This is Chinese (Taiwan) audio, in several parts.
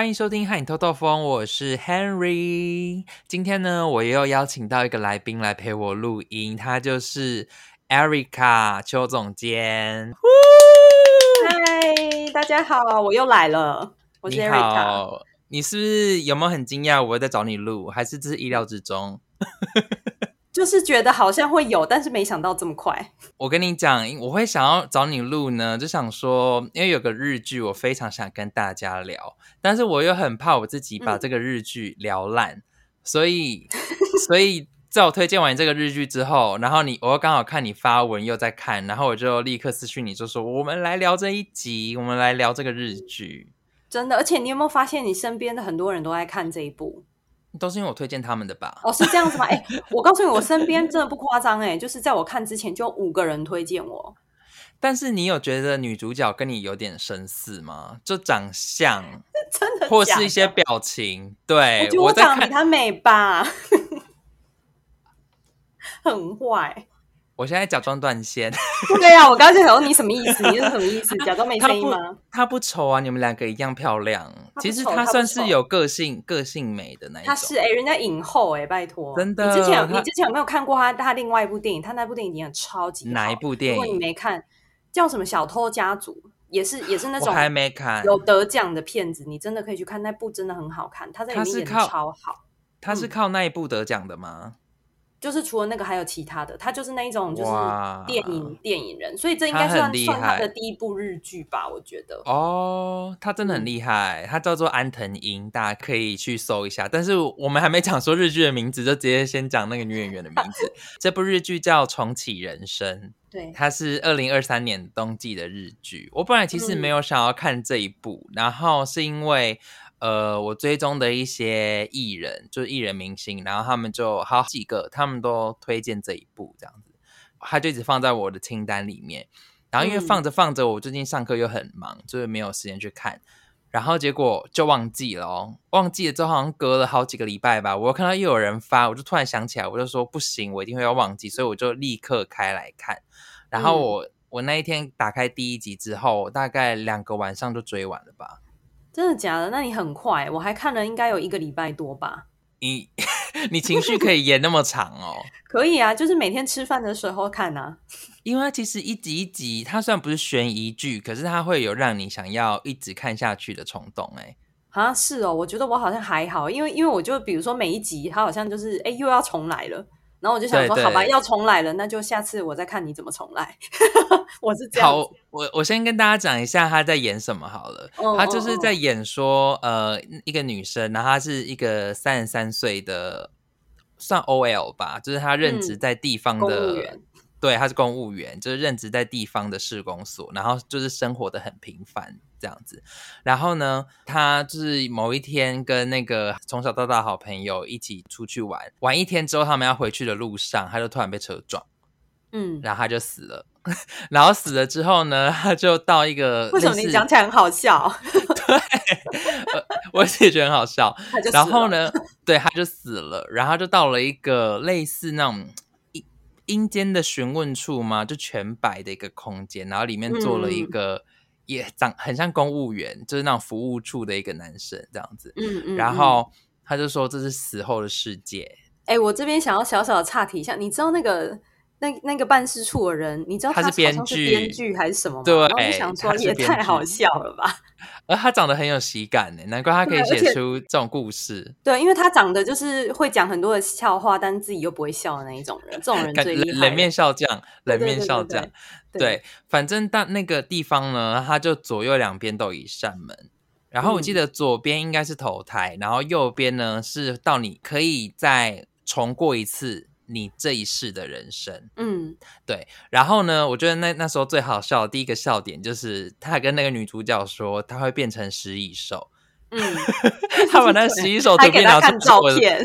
歡迎收聽《和你透透風》，我是 Henry。今天呢，我又邀請到一個來賓來陪我錄音，他就是 Erica 邱總監。嗨，大家好，我又來了。我是 Erica。你好，你是不是有沒有很驚訝我會再找你錄？還是這是意料之中？ 就是覺得好像會有，但是沒想到這麼快。我跟你講，我會想要找你錄呢，就想說，因為有個日劇，我非常想跟大家聊，但是我又很怕我自己把這個日劇聊爛，嗯。所以，所以在我推薦完這個日劇之後，然後你我又剛好看你發文又在看，然後我就立刻私訊你，就說我們來聊這一集，我們來聊這個日劇。真的，而且你有沒有發現，你身邊的很多人都在看這一部？都是因為我推薦他們的吧？哦，是這樣子嗎？哎、欸，我告訴你，我身邊真的不誇張、欸，哎， 就是在我看之前就有五個人推薦我。但是你有覺得女主角跟你有點神似嗎？就長相 真的，的，或是一些表情？ 對，我，覺我長得我長得比她美吧， 很壞。我現在假裝斷線。 對呀、啊，我剛才想問你什麼意思？你是什麼意思？假裝沒聲音嗎？他不醜啊，你們兩個一樣漂亮。其實他算是有個性、個性美的那一種。他是哎、欸，人家影后哎、欸，拜託，真的。你之前他你之前有沒有看過他她另外一部電影？他那部電影也很超級、欸。哪一部電影？如果你沒看？叫什麼？小偷家族也是也是那種。我還沒看。有得獎的片子，你真的可以去看那部，真的很好看。他在裡面演得超好。他是，嗯、他是靠那一部得獎的嗎？就是除了那個還有其他的，他就是那一種就是電影哇電影人，所以這應該算算，算他的第一部日劇吧，我覺得。哦，他真的很厲害，嗯、他叫做安藤櫻，大家可以去搜一下。但是我們還沒講說日劇的名字，就直接先講那個女演員的名字。 這部日劇叫《重啟人生》，對，它是二零二三年冬季的日劇。我本來其實沒有想要看這一部，嗯、然後是因為。呃，我追蹤的一些藝人，就是藝人明星，然後他們就好幾個，他們都推薦這一部這樣子，他就一直放在我的清單裡面。然後因為放着放着，我最近上課又很忙，嗯、就是沒有時間去看，然後結果就忘記了。忘記了之後好像隔了好幾個禮拜吧，我看到又有人發，我就突然想起來，我就說不行，我一定會要忘記，所以我就立刻開來看。然後我、嗯、我那一天打開第一集之後，大概兩個晚上就追完了吧。真的假的？那你很快，欸，我還看了，應該有一個禮拜多吧。你 你情緒可以演那麼長哦、喔？ 可以啊，就是每天吃飯的時候看啊。因為其實一集一集，它雖然不是懸疑劇，可是它會有讓你想要一直看下去的衝動，欸。哎，好像是哦，我覺得我好像還好，因為因為我就比如說每一集，它好像就是哎、欸、又要重來了。然後我就想說，好吧，對對，要重來了，那就下次我再看你怎麼重來。 我是這樣。好，我我先跟大家講一下他在演什麼好了。嗯，oh, oh, oh. 他就是在演說，呃，一個女生，然後她是一個三十三歲的，算 OL 吧，就是她任職在地方的，嗯、公務員。對，她是公務員，就是任職在地方的市公所，然後就是生活的很平凡。這樣子，然後呢，他就是某一天跟那個從小到大好朋友一起出去玩，玩一天之後，他們要回去的路上，他就突然被車撞，嗯，然後他就死了。然後死了之後呢，他就到一個，為什麼你講起來很好笑？對，我也覺得很好笑。然後呢，對，他就死了，然後就到了一個類似那種陰陰間的詢問處嘛，就全白的一個空間，然後裡面做了一個。嗯也長很像公務員，就是那種服務處的一個男生這樣子。嗯嗯，然後他就說這是死後的世界。哎，欸，我這邊想要小小的岔題一下，你知道那個？那那個辦事處的人，你知道他是編劇還是什麼？對，然後就想說也太好笑了吧。欸、他而他長得很有喜感呢，難怪他可以寫出這種故事對。對，因為他長得就是會講很多的笑話，但自己又不會笑的那一種人，這種人最厲害。冷面笑匠，冷面笑匠。對，對，對，對，對對，反正到那個地方呢，他就左右兩邊都一扇門。然後我記得左邊應該是投胎，嗯、然後右邊呢是到你可以再重過一次。你這一世的人生，嗯，對。然後呢，我覺得那那時候最好笑的第一個笑點就是他還跟那個女主角說，他會變成食蟻獸，嗯， 他把那個食蟻獸都變成照片，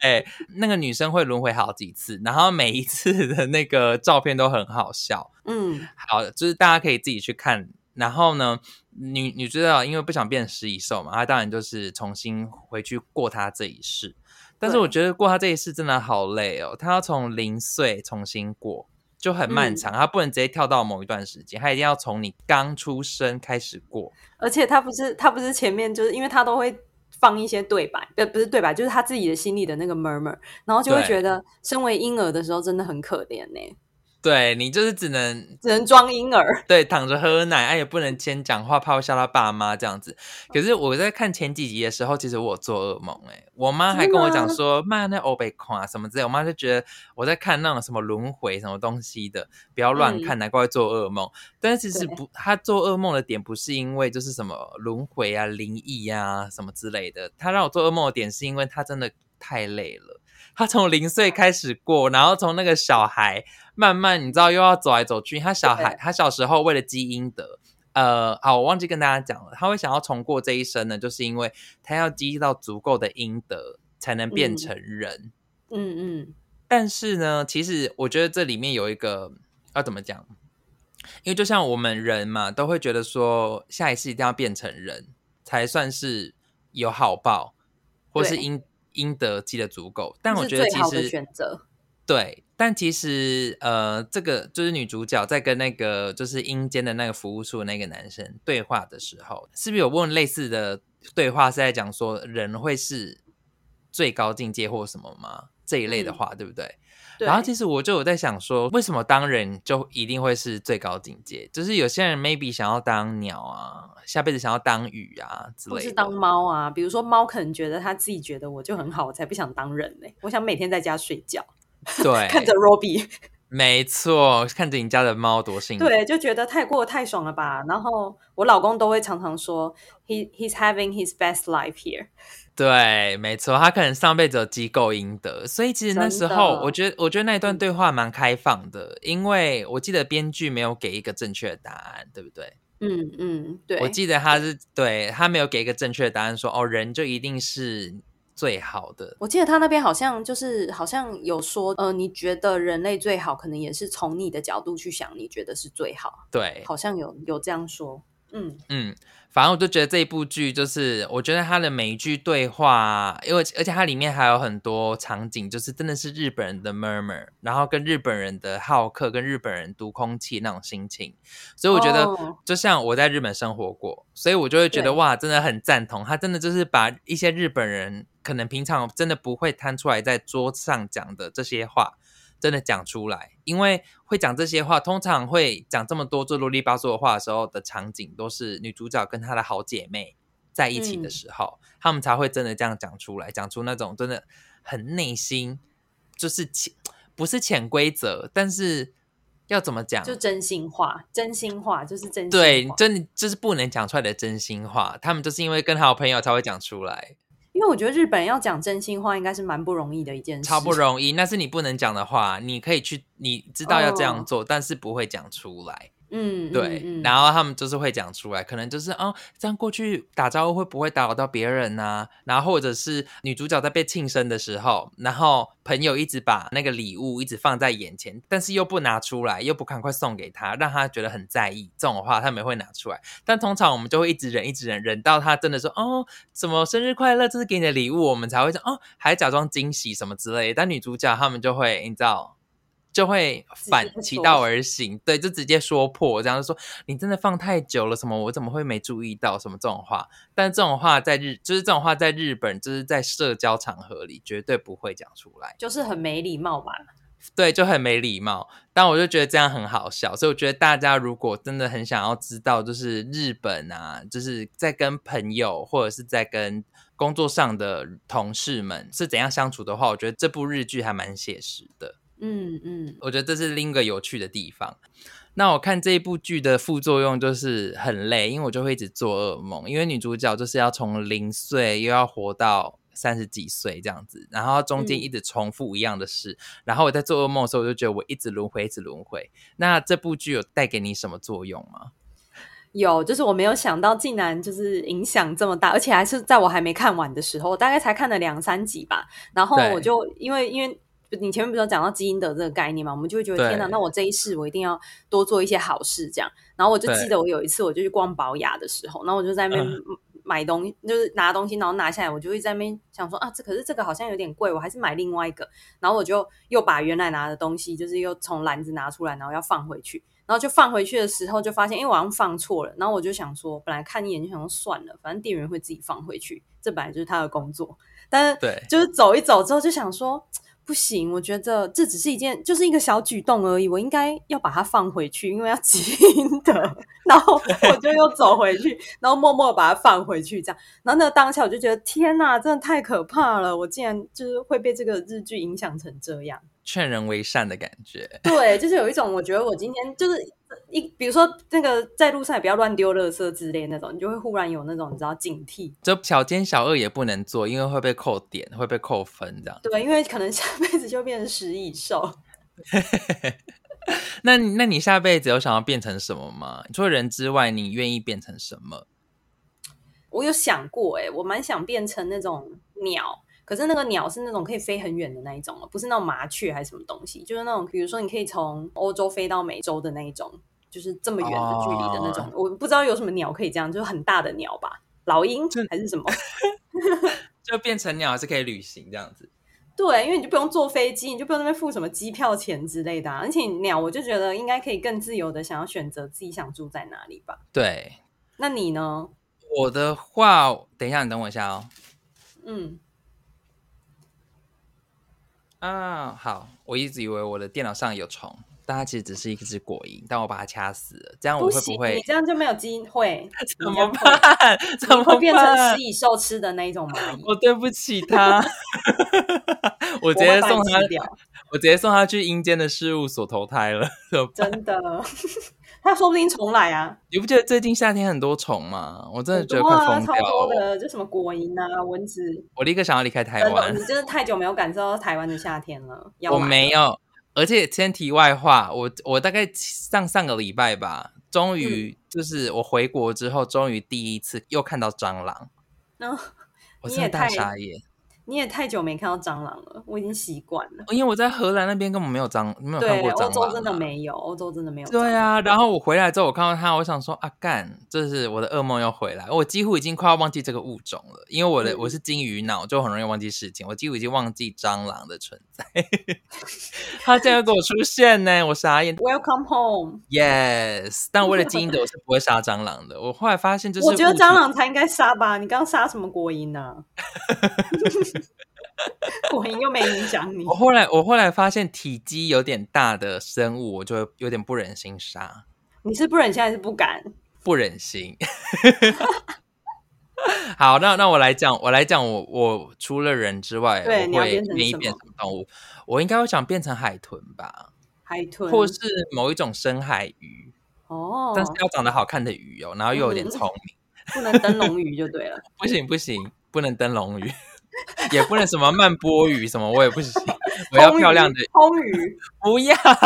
對。那個女生會輪回好幾次，然後每一次的那個照片都很好笑，嗯，好，就是大家可以自己去看。然後呢，女女主角因為不想變食蟻獸嘛，她、啊、當然就是重新回去過她這一世。但是我覺得過他這一世真的好累哦，他要從零歲重新過，就很漫長，嗯、他不能直接跳到某一段時間，他一定要從你剛出生開始過。而且他不是他不是前面就是因為他都會放一些對白，不不是對白，就是他自己的心裡的那個 murmur，然後就會覺得身為嬰兒的時候真的很可憐呢、欸。對，你就是只能只能裝嬰兒，對，躺着喝奶，哎、啊，也不能先講話，怕嚇到爸媽這樣子。可是我在看前幾集的時候，其實我有做噩夢、欸，誒，我媽還跟我講說，媽那歐貝卡什麼之類的，我媽就覺得我在看那種什麼輪回什麼東西的，不要亂看，嗯、難怪會做噩夢。但是其實不，對他做噩夢的點不是因為就是什麼輪回啊、靈異啊什麼之類的，他讓我做噩夢的點是因為他真的太累了。他從零歲開始過，然後從那個小孩慢慢，你知道又要走來走去。他小孩對他小時候為了積陰德，呃，好，我忘記跟大家講了，他會想要重過這一生呢，就是因為他要積到足夠的陰德，才能變成人。嗯，嗯嗯。但是呢，其實我覺得這裡面有一個要、啊、怎麼講？因為就像我們人嘛，都會覺得說，下一次一定要變成人才算是有好報，或是陰德。應得記得足夠，但我覺得其實選擇，對，但其實呃、這個就是女主角在跟那個就是陰間的那個服務處那個男生對話的時候，是不是有問類似的對話是在講說人會是最高境界或什麼嗎，這一類的話，嗯、對不對？對然後其實我就有在想說，為什麼當人就一定會是最高境界？就是有些人 maybe 想要當鳥啊，下輩子想要當魚啊，不是當貓啊。比如說貓，可能覺得他自己覺得我就很好，我才不想當人呢。我想每天在家睡覺，對， 看着 Robbie。 沒錯，看着你家的貓多幸福，對，就覺得太過太爽了吧。然後我老公都會常常說 he, he's having his best life here。對，沒錯，他可能上輩子積夠陰德，所以其實那時候，的我覺得我覺得那一段對話蠻開放的，嗯、因為我記得編劇沒有給一個正確的答案，對不對？嗯嗯，對，我記得他是對他沒有給一個正確的答案說，說哦，人就一定是。最好的，我記得他那邊好像就是好像有說，呃，你覺得人類最好，可能也是從你的角度去想，你覺得是最好。對，好像有有這樣說。嗯嗯，反正我就覺得這一部劇就是，我覺得他的每一句對話，因為而且它裡面還有很多場景，就是真的是日本人的 murmur，然後跟日本人的好客，跟日本人讀空氣那種心情，所以我覺得、oh. 就像我在日本生活過，所以我就會覺得對哇，真的很贊同，他真的就是把一些日本人。可能平常真的不會攤出來在桌上講的這些話，真的講出來，因為會講這些話，通常會講這麼多做羅里吧嗦的話的時候的場景，都是女主角跟她的好姐妹在一起的時候，她、嗯、們才會真的這樣講出來，講出那種真的很內心，就是潛不是潛規則，但是要怎麼講？就真心話，真心話就是真心話，對，真的，就是不能講出來的真心話，她們就是因為跟好朋友才會講出來。因為我覺得日本人要講真心話，應該是蠻不容易的一件事。超不容易，那是你不能講的話，你可以去，你知道要這樣做，oh. 但是不會講出來。嗯，對，然後他們就是會講出來，可能就是哦，這樣過去打招呼會不會打擾到別人吶？然後或者是女主角在被慶生的時候，然後朋友一直把那個禮物一直放在眼前，但是又不拿出來，又不趕快送給她，讓她覺得很在意。這種話他們也會拿出來，但通常我們就會一直忍，一直忍，忍到她真的說哦，什麼生日快樂，這是給你的禮物，我們才會說哦，還假裝驚喜什麼之類的。但女主角他們就會，你知道。就會反其道而行，對，就直接說破，這樣就說你真的放太久了什麼，我怎麼會沒注意到什麼這種話。但這種話在日，就是這種話在日本，就是在社交場合裡絕對不會講出來，就是很沒禮貌嘛。對，就很沒禮貌。但我就覺得這樣很好笑，所以我覺得大家如果真的很想要知道，就是日本啊，就是在跟朋友或者是在跟工作上的同事們是怎樣相處的話，我覺得這部日劇還蠻寫實的。嗯嗯，嗯我覺得這是另一個有趣的地方。那我看這一部劇的副作用就是很累，因為我就會一直做噩夢。因為女主角就是要從零歲又要活到三十幾歲這樣子，然後中間一直重複一樣的事。嗯、然後我在做噩夢的時候，我就覺得我一直輪回，一直輪回。那這部劇有帶給你什麼作用嗎？有，就是我沒有想到竟然就是影響這麼大，而且還是在我還沒看完的時候，我大概才看了兩三集吧。然後我就因為對因為。因為就你前面不是有講到積陰德這個概念嘛，我們就會覺得對天哪、啊，那我這一世我一定要多做一些好事，這樣。然後我就記得我有一次，我就去逛寶雅的時候，對然後我就在那邊買東西，嗯、就是拿東西，然後拿下來，我就會在那邊想說啊，這可是這個好像有點貴，我還是買另外一個。然後我就又把原來拿的東西，就是又從籃子拿出來，然後要放回去，然後就放回去的時候，就發現因為、欸、我好像放錯了。然後我就想說，本來看一眼就想說算了，反正店員會自己放回去，這本來就是他的工作。但是對，就是走一走之後就想說。不行，我覺得這只是一件，就是一個小舉動而已。我應該要把它放回去，因為要積陰德。然後我就又走回去，對然後默默把它放回去，這樣。然後那當下我就覺得，天哪，真的太可怕了！我竟然就是會被這個日劇影響成這樣。勸人為善的感覺，對，就是有一種我覺得我今天就是一，比如說那個在路上也不要亂丟垃圾之類的那種，你就會忽然有那種你知道警惕，就小奸小惡也不能做，因為會被扣點，會被扣分這樣。對，因為可能下輩子就變成食蟻獸。 那，那你下輩子有想要變成什麼嗎？除了人之外，你願意變成什麼？我有想過，哎，我蠻想變成那種鳥。可是那個鳥是那種可以飛很遠的那一種哦，不是那種麻雀還是什麼東西，就是那種比如說你可以從歐洲飛到美洲的那一種，就是這麼遠的距離的那種。哦、我不知道有什麼鳥可以這樣，就是很大的鳥吧，老鷹就還是什麼？ 就變成鳥還是可以旅行這樣子。對，因為你就不用坐飛機，你就不用那邊付什麼機票錢之類的、啊。而且鳥，我就覺得應該可以更自由的，想要選擇自己想住在哪裡吧。對，那你呢？我的話，等一下你等我一下哦。嗯。啊，好！我一直以為我的電腦上有蟲，但它其實只是一只果蠅，但我把它掐死了，這樣我會不會？不你這樣就沒有機會，怎麼辦？會怎麼辦會變成食蟻獸吃的那一種嗎？ 我對不起他， 我直接送他我,我直接送他去陰間的事務所投胎了，真的。他說不定重來啊！你不覺得最近夏天很多蟲嗎？我真的覺得快瘋掉了。很多啊。就什麼果蠅啊、蚊子，我立刻想要離開台灣。呃、你真的太久沒有感受到台灣的夏天了。了我沒有，而且先提外話，我我大概上上個禮拜吧，終於就是我回國之後，終於第一次又看到蟑螂。那、嗯。我真的大傻眼。你也太久沒看到蟑螂了，我已經習慣了。因為我在荷蘭那邊根本沒有蟑，沒有看過蟑螂、啊。對，歐洲真的沒有，歐洲真的沒有。對啊，然後我回來之後，我看到它，我想說啊幹，這是我的噩夢又回來。我幾乎已經快要忘記這個物種了，因為我的、嗯、我是金魚腦，就很容易忘記事情。我幾乎已經忘記蟑螂的存在。他竟然給我出現呢，我傻眼。Welcome home，Yes。但為了金魚，我是不會殺蟑螂的。我後來發現，就是我覺得蟑螂才應該殺吧？你剛剛殺什麼國音呢、啊？ 果蠅又沒影響你。我後來我後來發現，體積有點大的生物，我就有點不忍心殺。你是不忍心還是不敢？不忍心。 好，那那我來講，我來講我，我我除了人之外，對我也會願意變成什麼，變什麼動物？我應該會想變成海豚吧，海豚，或是某一種深海魚哦。但是要長得好看的魚哦，然後又有點聰明， 不能燈籠魚就對了。 不行不行，不能燈籠魚。 也不能什麼慢波魚什麼，我也不行。我要漂亮的空魚，風風 不要。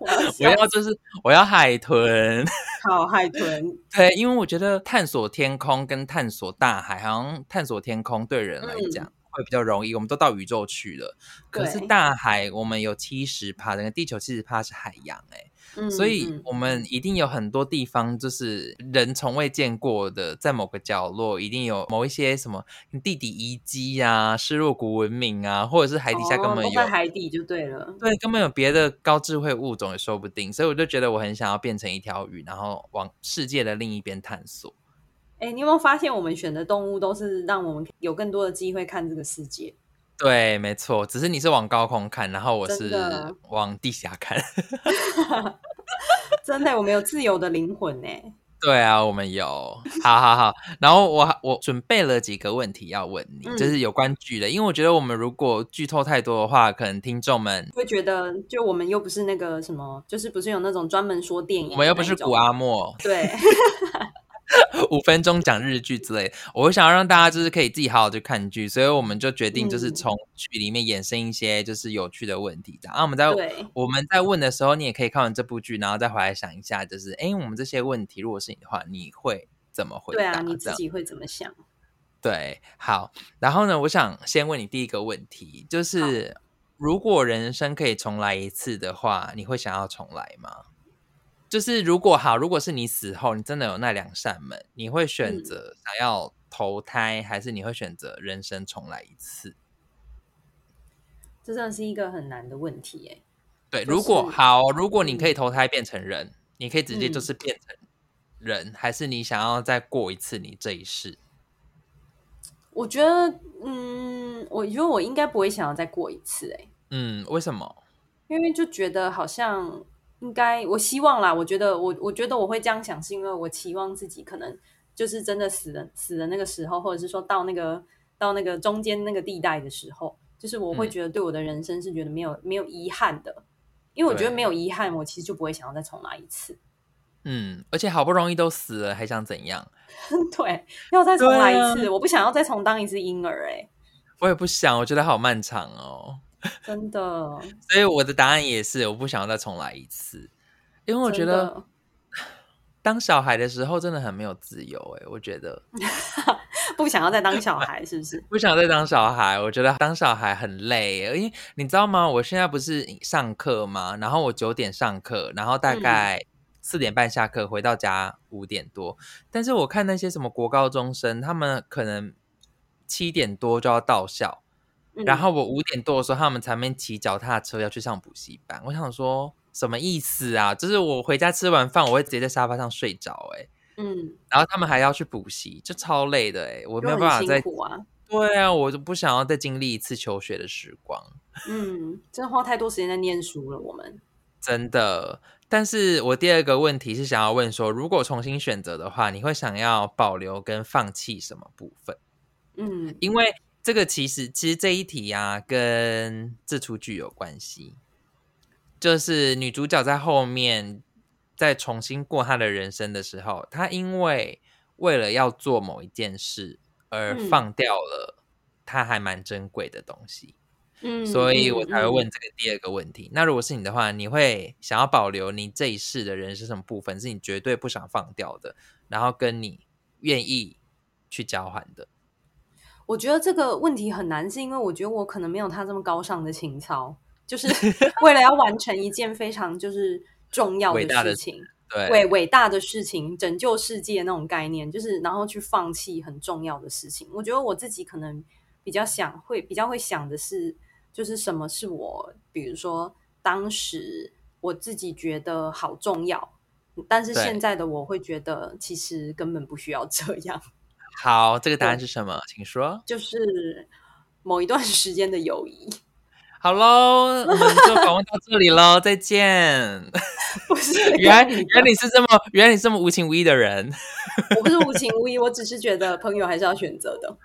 我，要我要就是我要海豚， 好海豚。對，因為我覺得探索天空跟探索大海，好像探索天空對人來講會比較容易。嗯、我們都到宇宙去了，對可是大海，我們有七十趴，整個地球七十趴是海洋，欸，所以，我們一定有很多地方，就是人從未見過的，在某個角落，一定有某一些什麼地底遺跡呀、失落古文明啊，或者是海底下根本有、哦、在海底就對了，對，根本有別的高智慧物種也說不定。所以，我就覺得我很想要變成一條魚，然後往世界的另一邊探索。哎、欸，你有沒有發現，我們選的動物都是讓我們有更多的機會看這個世界？對，沒錯，只是你是往高空看，然後我是往地下看。真的, 真的，我們有自由的靈魂呢。對啊，我們有，好好好。然後我我準備了幾個問題要問你，嗯、就是有關劇的，因為我覺得我們如果劇透太多的話，可能聽眾們會覺得，就我們又不是那個什麼，就是不是有那種專門說電影，我們又不是谷阿莫，對。 五分鐘講日劇之類，我想要讓大家就是可以自己好好去看劇，所以我們就決定就是從劇裡面衍生一些就是有趣的問題。然後、嗯啊、我們在對我們在問的時候，你也可以看完這部劇，然後再回來想一下，就是哎，我們這些問題如果是你的話，你會怎麼回答？對啊、樣你自己會怎麼想？對，好。然後呢，我想先問你第一個問題，就是好如果人生可以重來一次的話，你會想要重來嗎？就是如果好，如果是你死後，你真的有那兩扇門，你會選擇想要投胎，嗯、還是你會選擇人生重來一次？這算是一個很難的問題、欸，哎。對，就是、如果好，如果你可以投胎變成人，嗯、你可以直接就是變成人，還是你想要再過一次你這一世？我覺得，嗯，我覺得我應該不會想要再過一次、欸，哎。嗯，為什麼？因為就覺得好像。應該，我希望啦。我覺得，我我覺得我會這樣想，是因為我期望自己可能就是真的死的死的那個時候，或者是說到那個到那個中間那個地帶的時候，就是我會覺得對我的人生是覺得沒有、嗯、沒有遺憾的，因為我覺得沒有遺憾，對我其實就不會想要再重來一次。嗯，而且好不容易都死了，還想怎樣？ 對，要再重來一次，啊、我不想要再重當一次嬰兒哎、欸。我也不想，我覺得好漫長哦。真的，所以我的答案也是，我不想再重來一次，因為我覺得的當小孩的時候真的很沒有自由。哎，我覺得 不想要再當小孩，是不是？不想再當小孩，我覺得當小孩很累，因為你知道嗎？我現在不是上課嗎？然後我九點上課，然後大概四點半下課，回到家五點多。嗯，但是我看那些什麼國高中生，他們可能七點多就要到校。嗯、然後我五點多的時候，他們才沒騎腳踏車要去上補習班。我想說什麼意思啊？就是我回家吃完飯，我會直接在沙發上睡着，欸。哎，嗯，然後他們還要去補習，就超累的，欸。哎，我沒有辦法再。啊對啊，我就不想要再經歷一次求學的時光。嗯，真的花太多時間在念書了，我們 真的。但是我第二個問題是想要問說，如果重新選擇的話，你會想要保留跟放棄什麼部分？嗯，因為。這個其實，其實這一題啊，跟這出劇有關係。就是女主角在後面在重新過她的人生的時候，她因為為了要做某一件事而放掉了她還蠻珍貴的東西，嗯，所以我才會問這個第二個問題。嗯、那如果是你的話，你會想要保留你這一世的人生是什麼部分是你絕對不想放掉的，然後跟你願意去交換的？我覺得這個問題很難，是因為我覺得我可能沒有他這麼高尚的情操，就是為了要完成一件非常就是重要的事情， 對，偉偉大的事情，拯救世界那種概念，就是然後去放棄很重要的事情。我覺得我自己可能比較想會比較會想的是，就是什麼是我，比如說當時我自己覺得好重要，但是現在的我會覺得其實根本不需要這樣。好，這個答案是什麼？請說。就是某一段時間的友誼。好嘍，我們就訪問到這裡嘍，再見。不是，原來原來你是這麼原來你這麼無情無義的人。我不是無情無義，我只是覺得朋友還是要選擇的。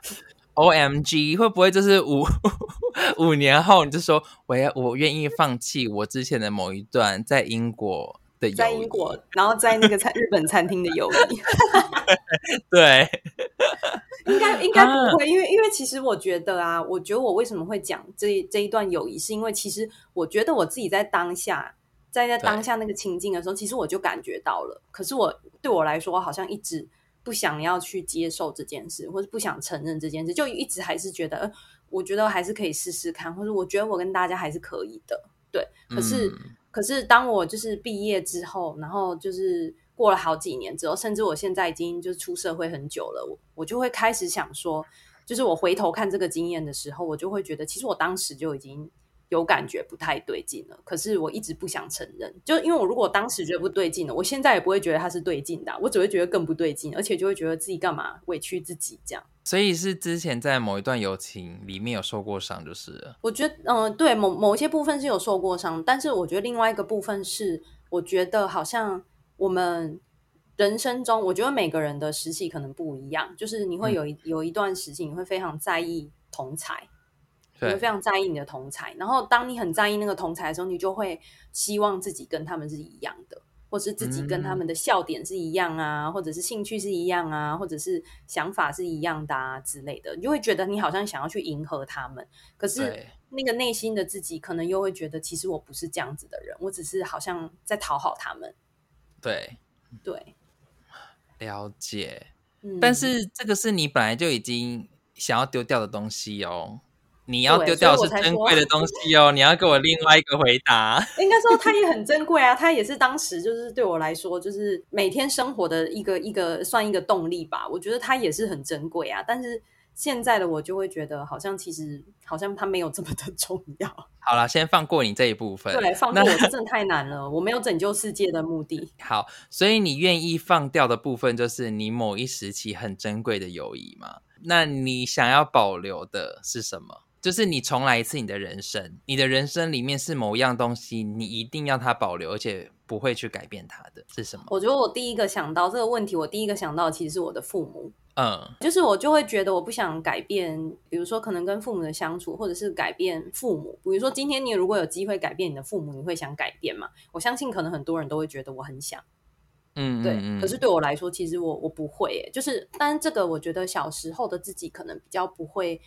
OMG，會不會就是五五年後你就說我要我願意放棄我之前的某一段在英國的在英國，然後在那個餐日本餐廳的友誼？對。應該應該不會，啊、因為因為其實我覺得啊，我覺得我為什麼會講這這一段友誼，是因為其實我覺得我自己在當下，在在當下那個情境的時候，對其實我就感覺到了。可是我對我來說，我好像一直不想要去接受這件事，或是不想承認這件事，就一直還是覺得，呃、我覺得還是可以試試看，或者我覺得我跟大家還是可以的，對。可是，嗯、可是當我就是畢業之後，然後就是。過了好幾年之後，甚至我現在已經就是出社會很久了，我我就會開始想說，就是我回頭看這個經驗的時候，我就會覺得，其實我當時就已經有感覺不太對勁了。可是我一直不想承認，就因為我如果當時覺得不對勁了，我現在也不會覺得它是對勁的啊，我只會覺得更不對勁，而且就會覺得自己幹嘛委屈自己這樣。所以是之前在某一段友情裡面有受過傷，就是了。我覺得嗯，呃，對某某一些部分是有受過傷，但是我覺得另外一個部分是，我覺得好像。我們人生中，我覺得每個人的時期可能不一樣，就是你會有一、嗯、有一段時期，你會非常在意同儕，對你會非常在意你的同儕。然後當你很在意那個同儕的時候，你就會希望自己跟他們是一樣的，或是自己跟他們的笑點是一樣啊，嗯、或者是興趣是一樣啊，或者是想法是一樣的啊之類的，你就會覺得你好像想要去迎合他們，可是那個內心的自己可能又會覺得，其實我不是這樣子的人，我只是好像在討好他們。對，對，了解。但是這個是你本來就已經想要丟掉的東西哦。對你要丟掉的是珍貴的東西哦。啊、你要給我另外一個回答。應該說它也很珍貴啊，它 也是當時就是對我來說，就是每天生活的一個一個算一個動力吧。我覺得它也是很珍貴啊，但是。現在的我就會覺得，好像其實好像它沒有這麼的重要。好了，先放過你這一部分。對，放過我真的太難了，那我沒有拯救世界的目的。好，所以你願意放掉的部分，就是你某一時期很珍貴的友誼嘛？那你想要保留的是什麼？就是你重來一次你的人生，你的人生裡面是某一樣東西，你一定要它保留，而且不會去改變它的是什麼？我覺得我第一個想到這個問題，我第一個想到其實是我的父母。嗯，uh. 就是我就會覺得我不想改變，比如說可能跟父母的相處，或者是改變父母。比如說今天你如果有機會改變你的父母，你會想改變嗎？我相信可能很多人都會覺得我很想，嗯、mm，hmm. 對。可是對我來說，其實我我不會耶。就是，但是這個我覺得小時候的自己可能比較不會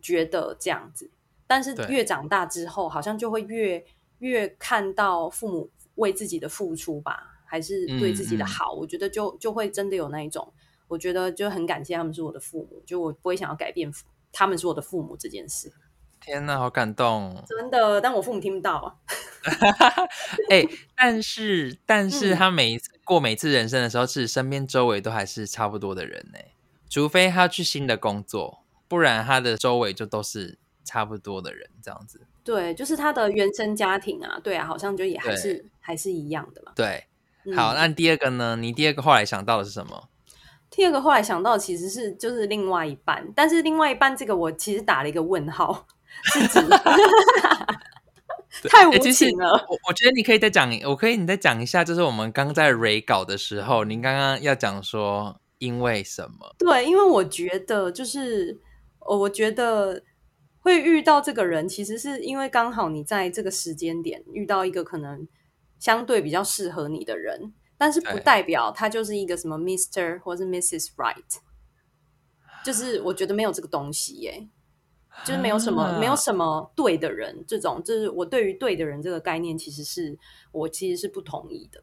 覺得這樣子，但是越長大之後，對好像就會越越看到父母為自己的付出吧，還是對自己的好，mm hmm. 我覺得就就會真的有那一種。我覺得就很感謝他們是我的父母，就我不會想要改變他們是我的父母這件事。天哪，好感動！真的，但我父母聽不到、啊。哎、 欸，但是，但是他每一次、嗯、過每次人生的時候，其實身邊周圍都還是差不多的人呢，除非他要去新的工作，不然他的周圍就都是差不多的人，這樣子。對，就是他的原生家庭啊，對啊，好像就也還是對還是一樣的嘛。對，好，那第二個呢？你第二個後來想到的是什麼？第二個後來想到其實是就是另外一半，但是另外一半這個我其實打了一個問號。太無情了。欸、我我覺得你可以再講，我可以你再講一下，就是我們剛在蕊稿的時候，您剛剛要講說因為什麼？對，因為我覺得就是，我覺得會遇到這個人，其實是因為剛好你在這個時間點遇到一個可能相對比較適合你的人。但是不代表他就是一個什麼 Mister、欸、或者是 Mrs. Right，就是我覺得沒有這個東西耶、欸，啊、就是沒有什麼沒有什麼對的人這種，就是我對於對的人這個概念，其實是我其實是不同意的。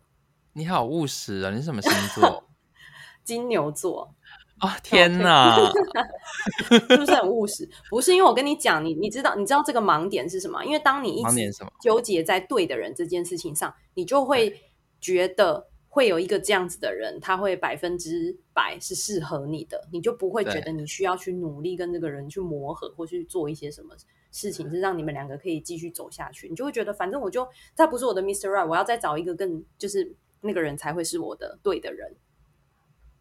你好務實啊！你是什麼星座？ 金牛座啊、哦！天哪，是不 Okay. 是很務實？ 不是，因為我跟你講，你你知道你知道這個盲點是什麼？因為當你一直糾結在對的人這件事情上，你就會覺得。會有一個這樣子的人，他會百分之百是適合你的，你就不會覺得你需要去努力跟那個人去磨合，或去做一些什麼事情，是對讓你們兩個可以繼續走下去。你就會覺得，反正我就他不是我的 Mr. Right，我要再找一個更就是那個人才會是我的對的人。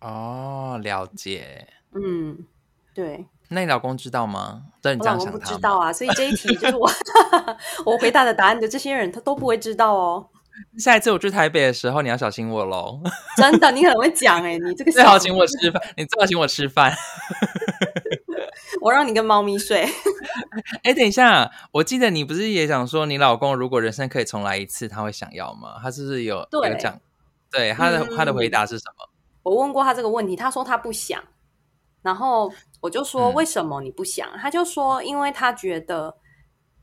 哦，了解，嗯，對。那你老公知道嗎？對你這樣想他，他不知道啊。所以這一題就是我 我回答的答案的這些人，他都不會知道哦。下一次我去台北的時候，你要小心我嘍！ 真的，你很會講，欸，你這個最好請我吃飯，你最好請我吃飯，我讓你跟貓咪睡。哎、 欸，等一下，我記得你不是也想說，你老公如果人生可以重來一次，他會想要嗎？他是不是有，對有講？對，他的，嗯，他的回答是什麼？我問過他這個問題，他說他不想。然後我就說，為什麼你不想？嗯，他就說，因為他覺得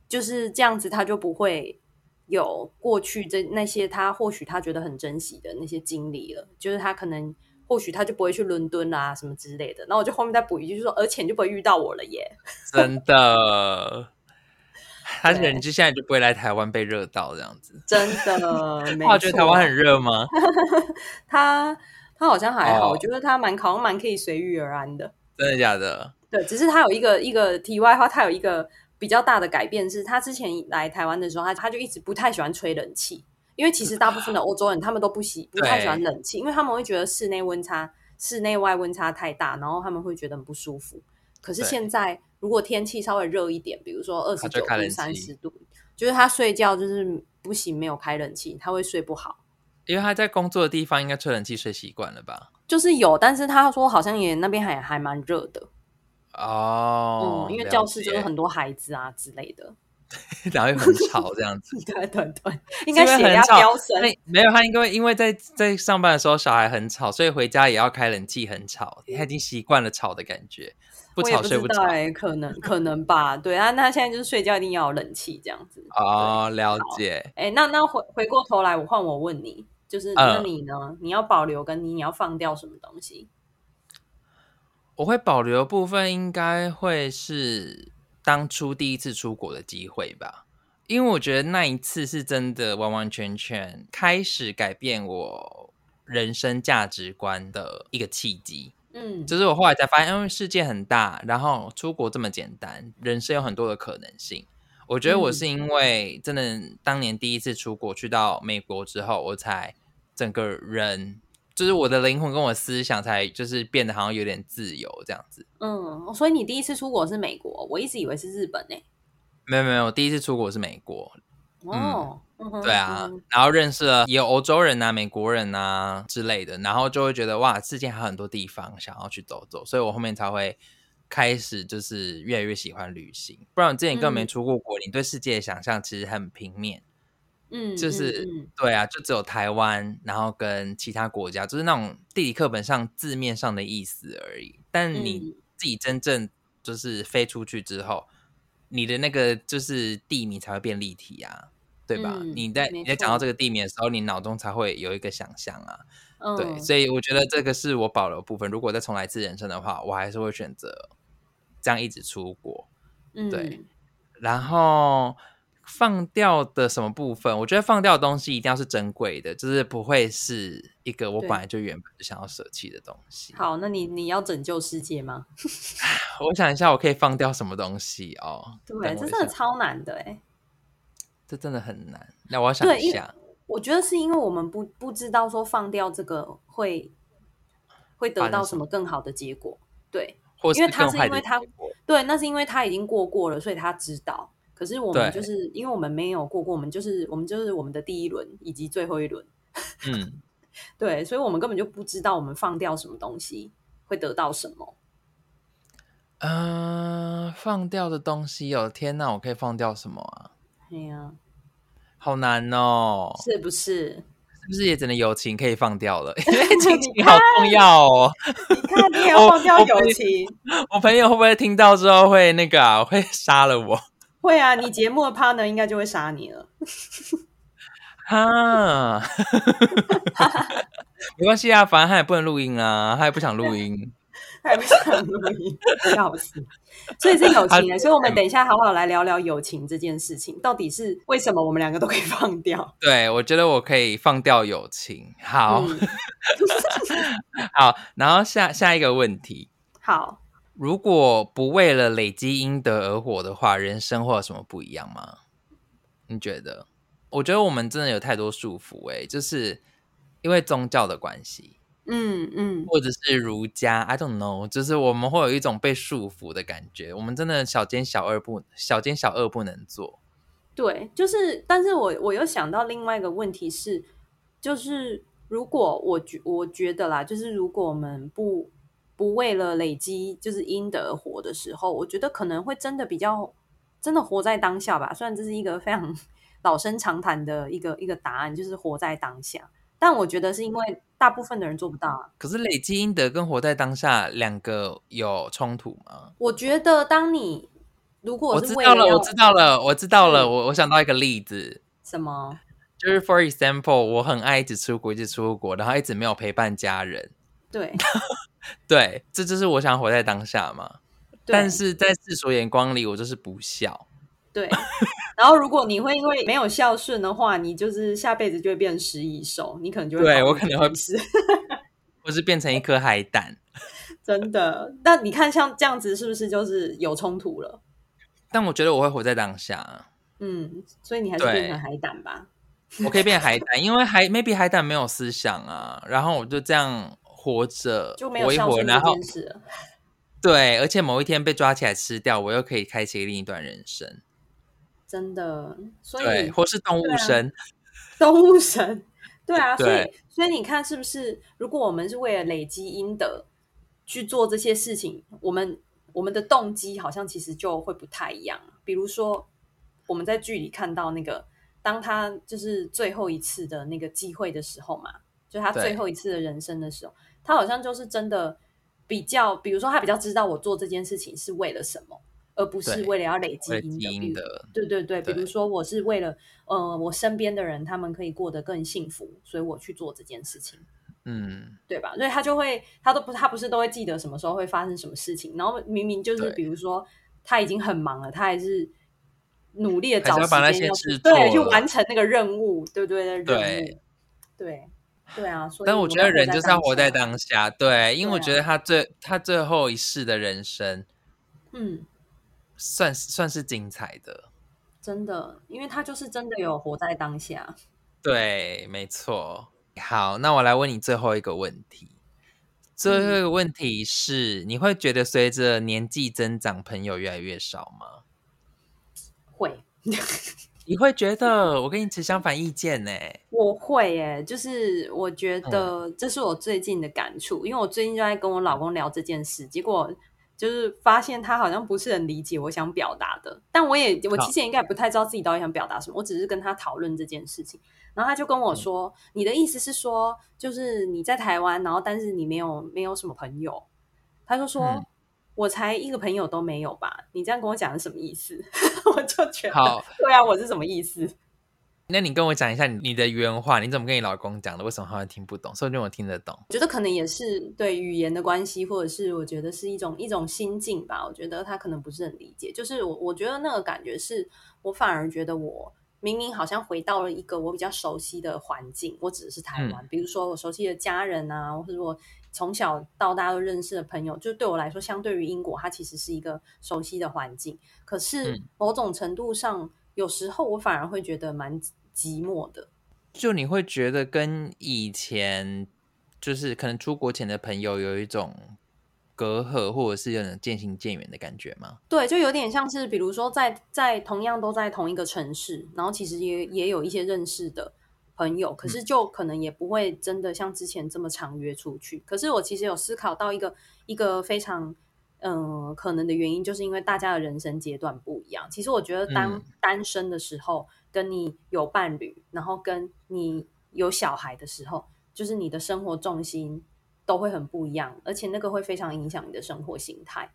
就是這樣子，他就不會。有過去這那些他或許他覺得很珍惜的那些經歷了，就是他可能或許他就不會去倫敦啊什麼之類的。那我就後面再補一句就說，而且就不會遇到我了耶！真的， 對他人現在就不會來台灣被熱到這樣子。真的，沒他覺得台灣很熱嗎？ 他他好像還好，哦、我覺得他蠻好像蠻可以隨遇而安的。真的假的？對，只是他有一個一個題外話，他有一個。比較大的改變是他之前來台灣的時候，他他就一直不太喜歡吹冷氣，因為其實大部分的歐洲人，嗯、他們都不喜對不太喜歡冷氣，因為他們會覺得室內溫差，室內外溫差太大，然後他們會覺得很不舒服。可是現在對如果天氣稍微熱一點，比如說二十九、三十度，就，就是他睡覺就是不行，沒有開冷氣，他會睡不好。因為他在工作的地方應該吹冷氣睡習慣了吧？就是有，但是他說好像也那邊還還蠻熱的。哦、嗯，因為教室就是很多孩子啊解之類的，對， 然後又很吵這樣子， 對對對，應該血壓飆升。沒有他，因為因為在在上班的時候小孩很吵，所以回家也要開冷氣很吵，他已經習慣了吵的感覺，不吵睡不着、欸，可能可能吧。 對啊，那他現在就是睡覺一定要有冷氣這樣子哦，了解。哎、欸，那那回回過頭來，我換我問你，就是那你呢？嗯、你要保留跟你你要放掉什麼東西？我會保留的部分應該會是當初第一次出國的機會吧，因為我覺得那一次是真的完完全全開始改變我人生價值觀的一個契機。嗯，就是我後來才發現，因為世界很大，然後出國這麼簡單，人生有很多的可能性。我覺得我是因為真的當年第一次出國去到美國之後，我才整個人。就是我的靈魂跟我思想才就是變得好像有點自由這樣子。嗯，所以你第一次出國是美國，我一直以為是日本呢，欸。沒有沒有，我第一次出國是美國。哦、嗯，對啊，嗯、然後認識了也有歐洲人吶、啊、美國人吶、啊、之類的，然後就會覺得哇，世界還有很多地方想要去走走，所以我後面才會開始就是越來越喜歡旅行。不然我之前根本沒出過國，嗯、你對世界的想象其實很平面。嗯，嗯，就是對啊，就只有台灣，然後跟其他國家，就是那種地理課本上字面上的意思而已。但你自己真正就是飛出去之後，嗯、你的那個就是地名才會變立體啊，對吧？嗯、你在你在講到這個地名的時候，沒錯。你腦中才會有一個想象啊。對，哦、所以我覺得這個是我保留的部分。如果再重來一次人生的話，我還是會選擇這樣一直出國。對，嗯、然後。放掉的什麼部分？我覺得放掉的東西一定要是珍貴的，就是不會是一個我本來就原本想要捨棄的東西。好，那你你要拯救世界嗎？ 我想一下，我可以放掉什麼東西哦？對，這真的超難的哎，這真的很難。那我要想一下，我覺得是因為我們不不知道說放掉這個會會得到什麼更好的結果，對，或者是更壞的結果。因為他是因為他，對，那是因為他已經過過了，所以他知道。可是我們就是，對因為我們沒有過過，我們就是我們就是我們的第一輪以及最後一輪，嗯， 對，所以我們根本就不知道我們放掉什麼東西會得到什麼。嗯、呃，放掉的東西哦，天哪、啊，我可以放掉什麼啊？哎呀、啊，好難哦，是不是？嗯、是不是也只能友情可以放掉了？因為親情好重要哦。你看， 你也要放掉友情 我我友，我朋友會不會聽到之後會那個啊？會殺了我？會啊，你節目的 partner 應該就會殺你了。哈，沒關係啊，反正他也不能錄音啊，他也不想錄音， 他也不想錄音，笑死。 所以是友情耶，所以我們等一下好好來聊聊友情這件事情，到底是為什麼我們兩個都可以放掉？對，我覺得我可以放掉友情。好， 好，然後下下一個問題，好。如果不為了累積陰德而活的話，人生會有什麼不一樣嗎？你覺得？我覺得我們真的有太多束縛、欸，哎，就是因為宗教的關係，嗯嗯，嗯或者是儒家，I don't know，就是我們會有一種被束縛的感覺。我們真的小奸小二不，小奸小二不能做。對，就是，但是我我又想到另外一個問題是，就是如果我覺我覺得啦，就是如果我們不。不為了累積就是陰德而活的時候，我覺得可能會真的比較真的活在當下吧。雖然這是一個非常老生常談的一個一個答案，就是活在當下。但我覺得是因為大部分的人做不到。啊。可是累積陰德跟活在當下對兩個有衝突嗎？我覺得，當你如果我知道了，我知道了，我知道了，是我我想到一個例子，什麼？就是 For example，我很愛一直出國，一直出國，然後一直沒有陪伴家人。對。 對，這就是我想活在當下嘛。對但是在世俗眼光裡，我就是不孝。對，然後如果你會因為沒有孝順的話， 你就是下輩子就會變成食蟻獸，你可能就會對我可能會是，或 是變成一顆海膽。真的？那你看像這樣子是不是就是有衝突了？ 但我覺得我會活在當下。嗯，所以你還是變成海膽吧。對 我可以變海膽，因為海 maybe 海膽沒有思想啊。然後我就這樣。活着，就我活，活，然後對，而且某一天被抓起來吃掉，我又可以開啟另一段人生，真的。所以，對或是動物神，啊，動物神，對啊。對所以，所以你看，是不是如果我們是為了累積陰德去做這些事情，我們我們的動機好像其實就會不太一樣。比如說，我們在劇裡看到那個，當他就是最後一次的那個機會的時候嘛，就他最後一次的人生的時候。他好像就是真的比較，比如說他比較知道我做這件事情是為了什麼，而不是為了要累積盈利的,對,積的對對對，對比如說我是為了呃我身邊的人，他們可以過得更幸福，所以我去做這件事情。嗯，對吧？所以他就會，他都不他不是都會記得什麼時候會發生什麼事情。然後明明就是比如說對他已經很忙了，他還是努力的找是的找時間要對去完成那個任務，對不對？對對。對啊，所以我但我覺得人就是要活在當下，對，因為我覺得他最他最後一世的人生，嗯，算算是精彩的，真的，因為他就是真的有活在當下，對，沒錯。好，那我來問你最後一個問題，最後一個問題是，嗯，你會覺得隨着年紀增長，朋友越來越少嗎？會。 你會覺得，我跟你持相反意見呢、欸？我會誒、欸，就是我覺得這是我最近的感觸，嗯、因為我最近就在跟我老公聊這件事，結果就是發現他好像不是很理解我想表達的，但我也我其實也應該也不太知道自己到底想表達什麼，哦、我只是跟他討論這件事情，然後他就跟我說：“嗯、你的意思是說，就是你在台灣，然後但是你沒有沒有什麼朋友？”他就說。嗯我才一個朋友都沒有吧？你這樣跟我講是什麼意思？ 我就覺得，對啊，好我是什麼意思？那你跟我講一下你的原話，你怎麼跟你老公講的？為什麼他會聽不懂？說不定我聽得懂？我覺得可能也是對語言的關係，或者是我覺得是一種一種心境吧。我覺得他可能不是很理解。就是我我覺得那個感覺是，我反而覺得我明明好像回到了一個我比較熟悉的環境，我指的是台灣，嗯、比如說我熟悉的家人啊，或者是我。從小到大都認識的朋友，就對我來說，相對於英國，它其實是一個熟悉的環境。可是某種程度上，有時候我反而會覺得蠻寂寞的。就你會覺得跟以前，就是可能出國前的朋友，有一種隔閡，或者是有種漸行漸遠的感覺嗎？對，就有點像是，比如說在，在在同樣都在同一個城市，然後其實也也有一些認識的。朋友，可是就可能也不會真的像之前這麼常約出去。嗯、可是我其實有思考到一個一個非常嗯、呃、可能的原因，就是因為大家的人生階段不一樣。其實我覺得，當、嗯、單身的時候，跟你有伴侶，然後跟你有小孩的時候，就是你的生活重心都會很不一樣，而且那個會非常影響你的生活形態。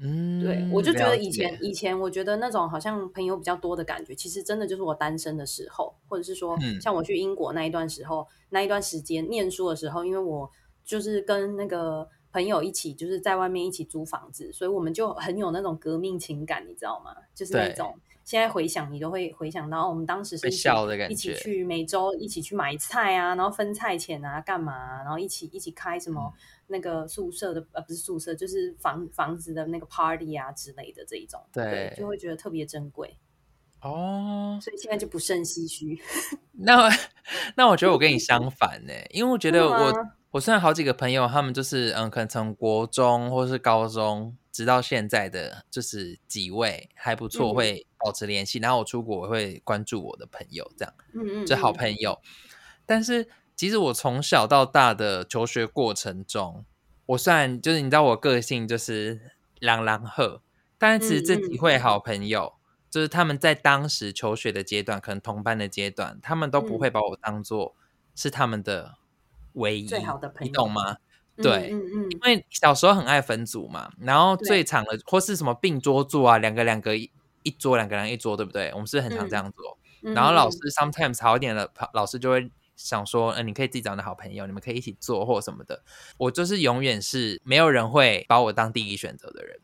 嗯、對，我就覺得以前，了解。以前，我覺得那種好像朋友比較多的感覺，其實真的就是我單身的時候，或者是說像我去英國那一段時候，嗯、那一段時間念書的時候，因為我就是跟那個。朋友一起就是在外面一起租房子，所以我們就很有那種革命情感，你知道嗎？就是那種對現在回想你都會回想到，哦，我們當時一起一起去每周一起去買菜啊，然後分菜錢啊，幹嘛，啊，然後一起一起開什麼，嗯，那個宿舍的呃不是宿舍就是房房子的那個 party 啊之類的這一種，對，對，就會覺得特別珍貴哦。所以現在就不勝唏噓。那我那我覺得我跟你相反呢，欸，對因為我覺得我。我算好幾個朋友，他們就是嗯，可能從國中或是高中直到現在的，就是幾位還不錯，會保持聯繫。然後我出國會關注我的朋友，這樣，嗯嗯，就好朋友。但是其實我從小到大的求學過程中，我算就是你知道我個性就是朗朗赫，但是其實這幾位好朋友，就是他們在當時求學的階段，可能同班的階段，他們都不會把我當做是他們的唯一最好的朋友，你懂嗎？對，嗯嗯，因為小時候很愛分組嘛，然後最長的或是什麼併桌坐啊，兩個兩個一桌，兩個人一桌，對不對？我們是很常這樣做。然後老師 sometimes 好一點的，老師就會想說，你可以自己找你的好朋友，你們可以一起做或什麼的。我就是永遠是沒有人會把我當第一選擇的人，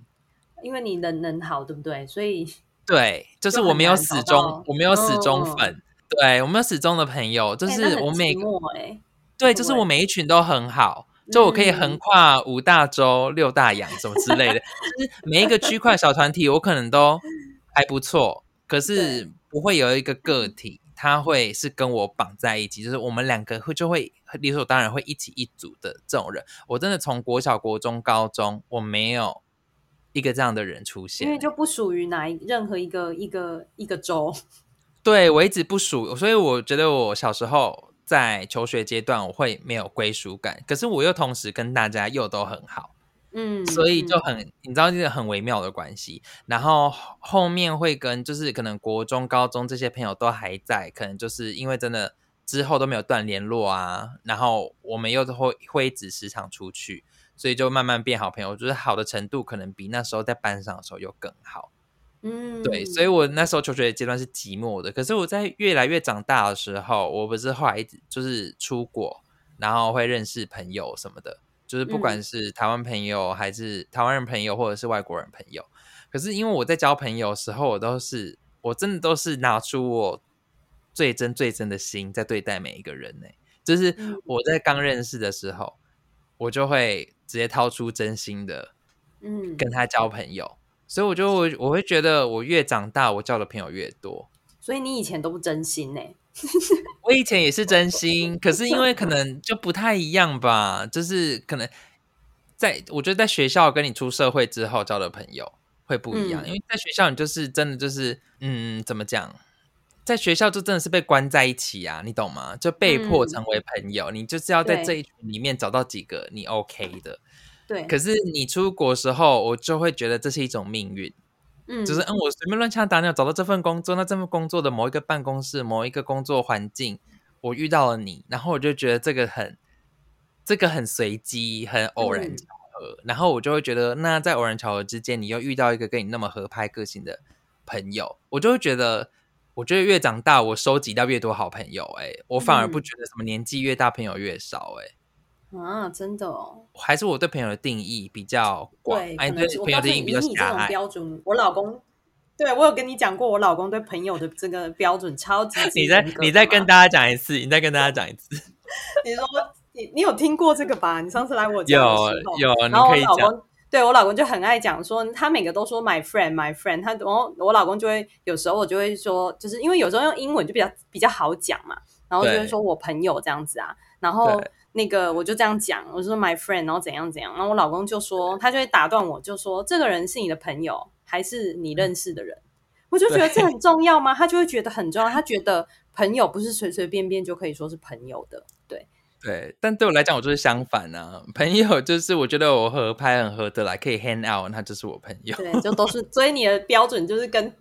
因為你人能好，對不對？所以對，就是我沒有死忠，我沒有死忠粉，對，我沒有死忠的朋友，就是我每個對，就是我每一群都很好，就我可以橫跨五大洲、嗯、六大洋什麼之類的。就是 每一個區塊小團體，我可能都還不錯，可是不會有一個個體，他會是跟我綁在一起，就是我們兩個會就會理所當然會一起一組的這種人。我真的從國小、國中、高中，我沒有一個這樣的人出現，因為就不屬於哪一任何一個一個一個洲。對，我一直不屬，所以我覺得我小時候。在求學階段，我會沒有歸屬感，可是我又同時跟大家又都很好，嗯，所以就很，嗯、你知道這個很微妙的關係。然後後面會跟就是可能國中、高中這些朋友都還在，可能就是因為真的之後都沒有斷聯絡啊。然後我們又會會一直時常出去，所以就慢慢變好朋友，就是好的程度可能比那時候在班上的時候又更好。嗯，對，所以我那時候求學的階段是寂寞的。可是我在越來越長大的時候，我不是後來一直就是出國，然後會認識朋友什麼的，就是不管是台灣朋友，還是、嗯、台灣人朋友，或者是外國人朋友。可是因為我在交朋友的時候，我都是我真的都是拿出我最真最真的心在對待每一個人、欸、呢，就是我在剛認識的時候，嗯、我就會直接掏出真心的，嗯，跟他交朋友。嗯嗯所以我就，我會覺得我越長大，我交的朋友越多。所以你以前都不真心呢、欸？ 我以前也是真心，可是因為可能就不太一樣吧。就是可能在我覺得在學校跟你出社會之後交的朋友會不一樣，嗯、因為在學校你就是真的就是嗯，怎麼講？在學校就真的是被關在一起啊，你懂嗎？就被迫成為朋友，嗯、你就是要在這一群裡面找到幾個、嗯、你 OK 的。對，可是你出國時候，我就會覺得這是一種命運，嗯，就是嗯，我隨便亂槍打鳥找到這份工作，那這份工作的某一個辦公室，某一個工作環境，我遇到了你，然後我就覺得這個很，這個很隨機，很偶然巧合，嗯、然後我就會覺得，那在偶然巧合之間，你又遇到一個跟你那麼合拍、個性的朋友，我就會覺得，我覺得越長大，我收集到越多好朋友、欸！哎，我反而不覺得什麼年紀越大，朋友越少、欸，哎、嗯。啊，真的哦！還是我對朋友的定義比較廣， 對，我對朋友的定義比較狹隘。標準，我老公對我有跟你講過，我老公對朋友的這個標準超級你。你再你再跟大家講一次，你再跟大家講一次。 你說你你有聽過這個吧？你上次來我家的時候，有，有你可以講，然後我老公對我老公就很愛講說，他每個都說 my friend my friend 他。他然後我老公就會有時候我就會說，就是因為有時候用英文就比較比較好講嘛，然後就會說我朋友這樣子啊，對然後。那個我就這樣講，我就說 My friend，然後怎樣怎樣，然後我老公就說他就會打斷我，就說對這個人是你的朋友還是你認識的人？嗯、我就覺得這很重要嗎？對他就會覺得很重要，他覺得朋友不是隨隨便便就可以說是朋友的。對對，但對我來講，我就是相反啊，朋友就是我覺得我合拍很合得來，可以 hang out，那就是我朋友。對，就都是，所以你的標準就是跟。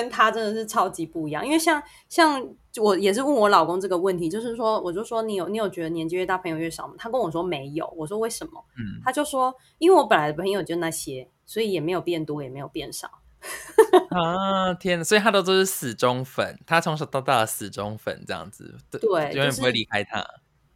跟他真的是超級不一樣，因為像像我也是問我老公這個問題，就是說我就說你有你有覺得年紀越大朋友越少嗎？他跟我說沒有，我說為什麼？嗯，他就說因為我本來的朋友就那些，所以也沒有變多也沒有變少。 啊天，所以他都是死忠粉，他從小到大的死忠粉這樣子，對，就是、永遠不會離開他。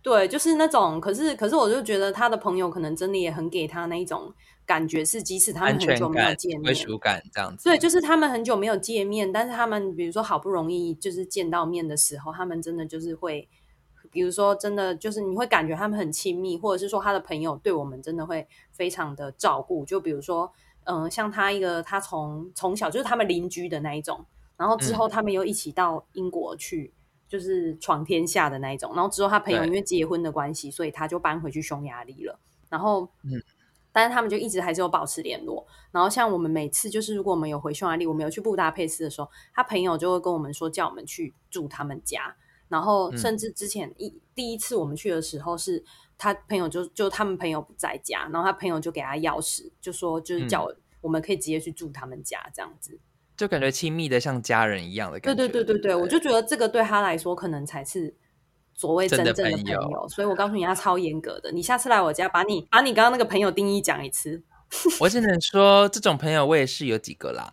對，就是那種，可是可是我就覺得他的朋友可能真的也很給他那一種。感覺是，即使他們很久沒有見面，歸屬感這樣子。對，就是他們很久沒有見面，但是他們比如說好不容易就是見到面的時候，他們真的就是會，比如說真的就是你會感覺他們很親密，或者是說他的朋友對我們真的會非常的照顧。就比如說，嗯、呃，像他一個，他從從小就是他們鄰居的那一種，然後之後他們又一起到英國去，嗯、就是闖天下的那一種。然後之後他朋友因為結婚的關係，對所以他就搬回去匈牙利了。然後，嗯。但是他們就一直還是有保持聯絡，然後像我們每次就是如果我們有回匈牙利，我們有去布達佩斯的時候，他朋友就會跟我們說，叫我們去住他們家，然後甚至之前一、嗯、第一次我們去的時候是他朋友就就他們朋友不在家，然後他朋友就給他鑰匙，就說就是叫我們可以直接去住他們家、嗯、這樣子，就感覺親密的像家人一樣的感覺，對，對對對對對，對對我就覺得這個對他來說可能才是。所謂真正的朋友，真的朋友，所以我告訴你，他超嚴格的。你下次來我家把，把你把你剛剛那個朋友定義講一次。 我只能說，這種朋友我也是有幾個啦，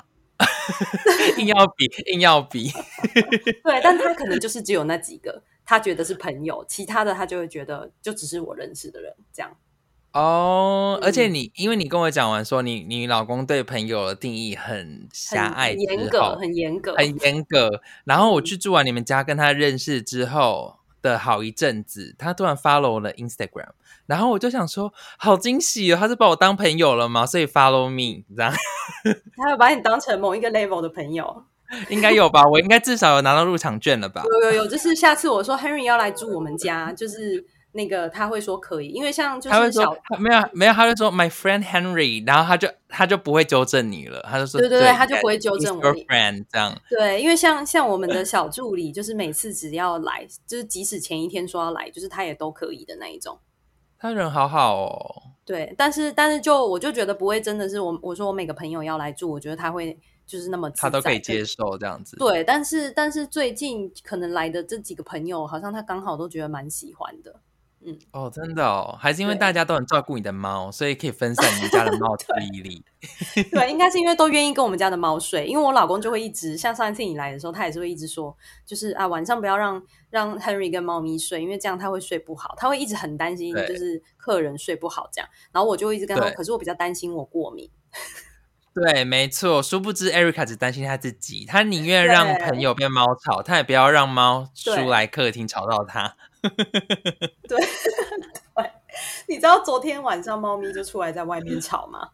硬要比硬要比。要比 對，但他可能就是只有那幾個，他覺得是朋友，其他的他就會覺得就只是我認識的人這樣。哦、oh, 嗯，而且你因為你跟我講完說你你老公對朋友的定義很狹隘、很嚴格、很嚴格、很嚴格，然後我去住完你們家跟他認識之後，好一陣子，他突然 follow 了 Instagram，然後我就想說，好驚喜哦，他是把我當朋友了嗎？所以 follow me，然後他有把你當成某一個 level 的朋友，應該有吧？我應該至少有拿到入場券了吧？ 有有有，就是下次我說 Henry 要來住我們家，就是。那個他會說可以，因為像就是小他說他沒有沒有，他就說 my friend Henry，然後他就他就不會糾正你了，他就說對對對，對他就不會糾正我 girlfriend 這樣對，因為像像我們的小助理， 就是每次只要來，就是即使前一天說要來，就是他也都可以的那一種，他人好好哦，對，但是但是就我就覺得不會，真的是我我說我每個朋友要來住，我覺得他會就是那麼他都可以接受這樣子，對，對，但是但是最近可能來的這幾個朋友，好像他剛好都覺得蠻喜歡的。嗯、哦，真的哦，還是因為大家都很照顧你的貓，對所以可以分散你們家的貓注意力。 對， 對，應該是因為都願意跟我們家的貓睡，因為我老公就會一直像上一次你來的時候，他也是會一直說，就是啊，晚上不要讓讓 Henry 跟貓咪睡，因為這樣他會睡不好，他會一直很擔心，就是客人睡不好這樣。對然後我就會一直跟他說，對可是我比較擔心我過敏。對，沒錯，殊不知 Erica 只擔心他自己，他寧願讓朋友被貓吵，對他也不要讓貓出來客廳吵到他。 對， 你知道昨天晚上貓咪就出來在外面吵嗎？嗯、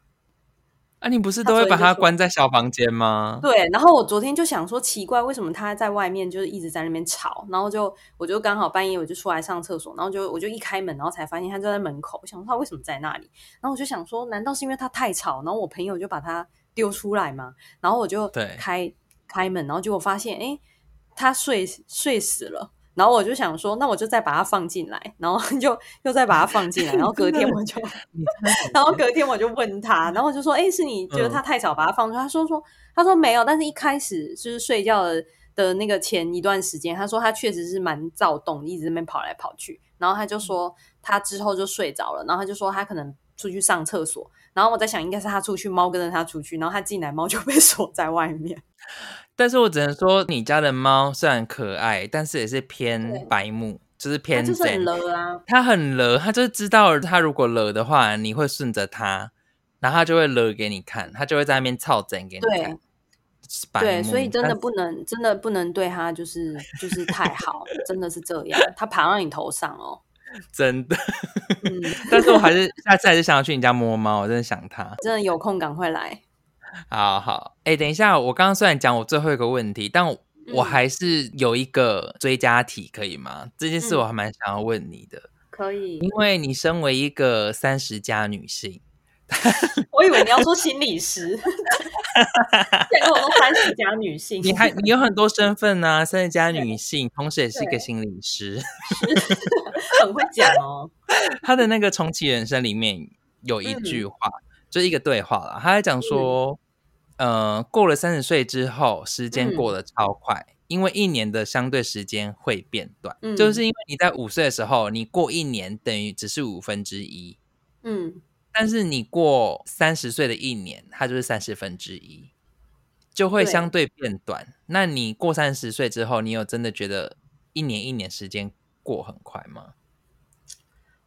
啊，你不是都會把它關在小房間嗎？對，然後我昨天就想說奇怪，為什麼它在外面就是一直在那邊吵？然後就我就剛好半夜我就出來上廁所，然後就我就一開門，然後才發現它就在門口。我想說它為什麼在那裡？然後我就想說，難道是因為它太吵？然後我朋友就把它丟出來嗎？然後我就開對開門，然後結果發現，哎、欸，它睡睡死了。然後我就想說，那我就再把它放進來，然後就又再把它放進來，然後隔天我就， 然後隔天我就問他，然後我就說，哎、欸，是你覺得、就是、他太吵把它放出？他說說，他說沒有，但是一開始就是睡覺的的那個前一段時間，他說他確實是蠻躁動，一直在那邊跑來跑去，然後他就說他之後就睡着了，然後他就說他可能。出去上廁所，然後我在想，應該是他出去，貓跟着他出去，然後他進來，貓就被鎖在外面。但是我只能說，你家的貓雖然可愛，但是也是偏白目，對就是偏他就是很惹啊。它很惹，它就知道，它如果惹的話，你會順着它，然後它就會惹給你看，它就會在那邊吵整給你看。對，對，所以真的不能，是真的不能對它就是就是太好， 真的是這樣，它爬到你頭上哦。真的，但是我還是下次還是想要去你家摸貓，我真的想它。真的有空趕快來，好好。哎，等一下，我剛剛雖然講我最後一個問題，但我我還是有一個追加題，可以嗎？這件事我還蠻想要問你的，可以？因為你身為一個三十加女性。我以為你要說心理師，在跟我說三十加女性，你還你有很多身份啊，三十加女性，同時也是一個心理師，很會講哦。他的那個重啟人生裡面有一句話，就一個對話了，他在講說，呃，過了三十歲之後，時間過得超快，因為一年的相對時間會變短，就是因為你在五歲的時候，你過一年等於只是五分之一，嗯。但是你過三十歲的一年，它就是三十分之一，30，就會相對變短。對那你過三十歲之後，你有真的覺得一年一年時間過很快嗎？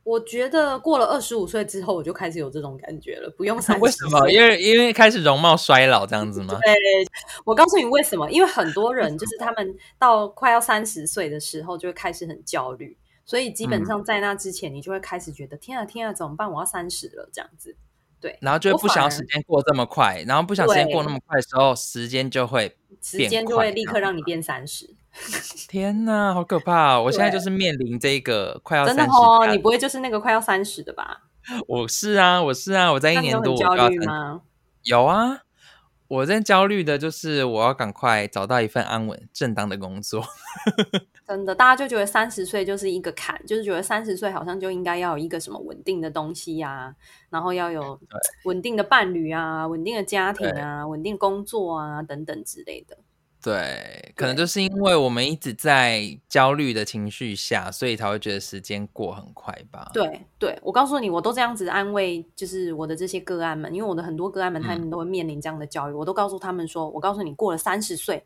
我覺得過了二十五歲之後，我就開始有這種感覺了。不用三十歲。為什麼？因為因為開始容貌衰老這樣子嗎？對，我告訴你為什麼。因為很多人就是他們到快要三十歲的時候，就會開始很焦慮。所以基本上在那之前，你就會開始覺得、嗯、天啊天啊，怎麼辦？我要三十了這樣子，對，然後就會不想時間過這麼快，然後不想時間過那麼快的時候，對時間就會時間就會立刻讓你變三十。 天哪，好可怕、啊！對我現在就是面臨這個快要三十真的哦、啊，你不會就是那個快要三十的吧？我是啊，我是啊，我在一年多我告訴你嗎有啊。我真焦慮的就是我要趕快找到一份安穩、正當的工作。 真的，大家就覺得三十歲就是一個坎，就是覺得三十歲好像就應該要有一個什麼穩定的東西呀、啊，然後要有穩定的伴侶啊、對穩定的家庭啊、對穩定工作啊等等之類的。對，可能就是因為我們一直在焦慮的情緒下，對所以才會覺得時間過很快吧。對，對，我告訴你，我都這樣子安慰，就是我的這些個案們，因為我的很多個案們，嗯、他們都會面臨這樣的焦慮，我都告訴他們說，我告訴你，過了三十歲，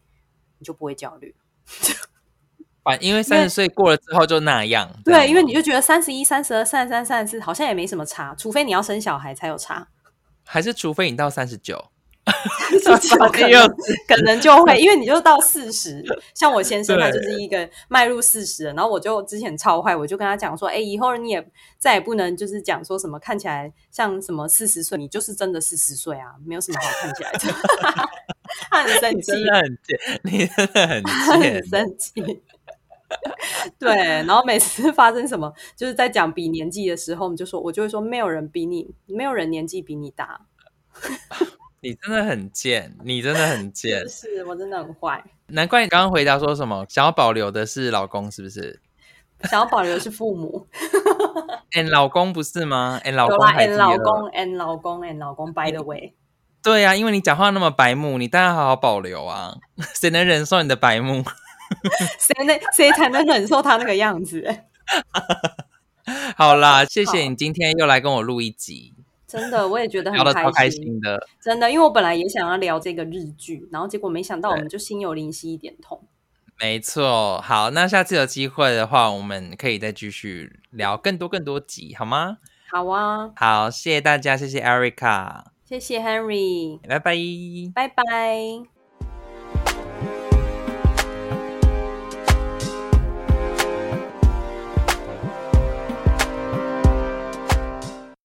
你就不會焦慮。 反因為三十歲過了之後就那樣。為對，對，因為你就覺得三十一、三十二、三十三、三十四，好像也沒什麼差，除非你要生小孩才有差，還是除非你到三十九。可能就會，因為你就到四十，像我先生他就是一個邁入四十了，對然後我就之前超壞，我就跟他講說，哎、欸，以後你也再也不能就是講說什麼看起來像什麼四十歲，你就是真的四十歲啊，沒有什麼好看起來的。 他很生氣，很氣，你真的很， 很生氣。 對，然後每次發生什麼，就是在講比年紀的時候，我們就說，我就會說，沒有人比你，沒有人年紀比你大。 你真的很賤，你真的很賤，是我真的很壞。難怪你剛剛回答說什麼想要保留的是老公，是不是？想要保留的是父母。哎，老公不是嗎？哎，老公。有啦，哎，老公，哎，老公，哎，老公。By the way，對呀，因為你講話那麼白目，你當然好好保留啊。誰能忍受你的白目？誰能誰才能忍受他那個樣子？好啦，謝謝你今天又來跟我錄一集。真的，我也覺得很開心，開心的。真的，因為我本來也想要聊這個日劇，然後結果沒想到我們就心有靈犀一點通。沒錯，好，那下次有機會的話，我們可以再繼續聊更多更多集，好嗎？好啊，好，謝謝大家，謝謝 Erica，謝謝 Henry，拜拜，拜拜 bye。Bye bye